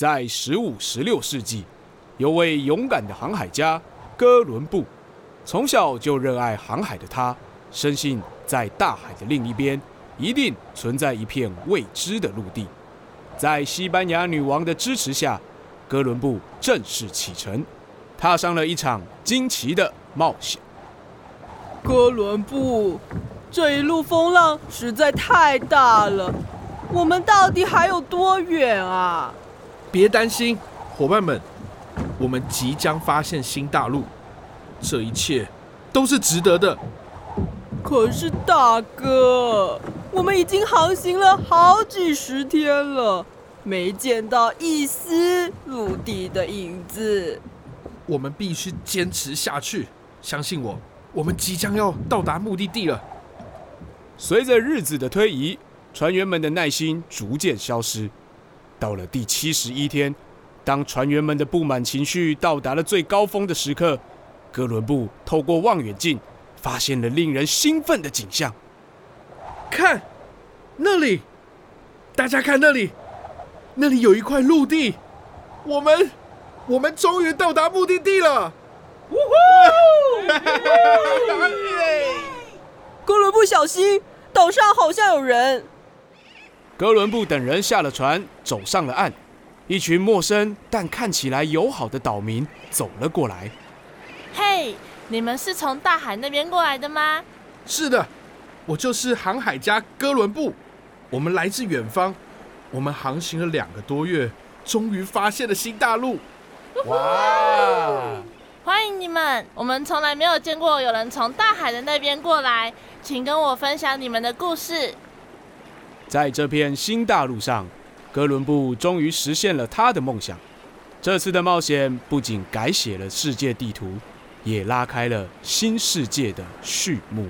在十五、十六世紀，有位勇敢的航海家哥倫布。從小就熱愛航海的他，深信在大海的另一邊，一定存在一片未知的陸地。在西班牙女王的支持下，哥倫布正式啟程，踏上了一場驚奇的冒險。哥倫布，這一路風浪實在太大了，我們到底還有多遠啊？別擔心，夥伴們，我們即將發現新大陸，這一切都是值得的。可是大哥，我們已經航行了好幾十天了，沒見到一絲陸地的影子。我們必須堅持下去，相信我，我們即將要到達目的地了。隨着日子的推移，船員們的耐心逐漸消失。到了第七十一天，當船員們的不滿情緒到達了最高峰的時刻，哥倫布透過望遠鏡發現了令人興奮的景象。看，那裡，大家看那裡，那裡有一塊陸地，我們，我們終於到達目的地了！嗚呼！哥倫布，小心，島上好像有人。哥倫布等人下了船，走上了岸。一群陌生但看起來友好的島民走了過來。嘿，hey, 你們是從大海那邊過來的嗎？是的，我就是航海家哥倫布。我們來自遠方，我們航行了兩個多月，終於發現了新大陸。哇！歡迎你們！我們從來沒有見過有人從大海的那邊過來，請跟我分享你們的故事。在這片新大陸上，哥倫布終於實現了他的夢想。這次的冒險不僅改寫了世界地圖，也拉開了新世界的序幕。